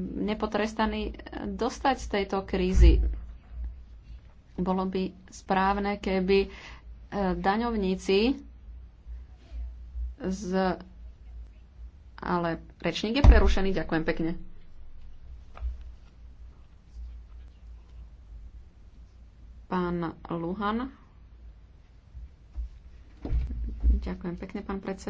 nepotrestaní eh, dostať z tejto krízy. Bolo by správne, keby eh, daňovníci z... Ale rečník je prerušený, ďakujem pekne. Pán Luhan. Ďakujem pekne, pán predseda.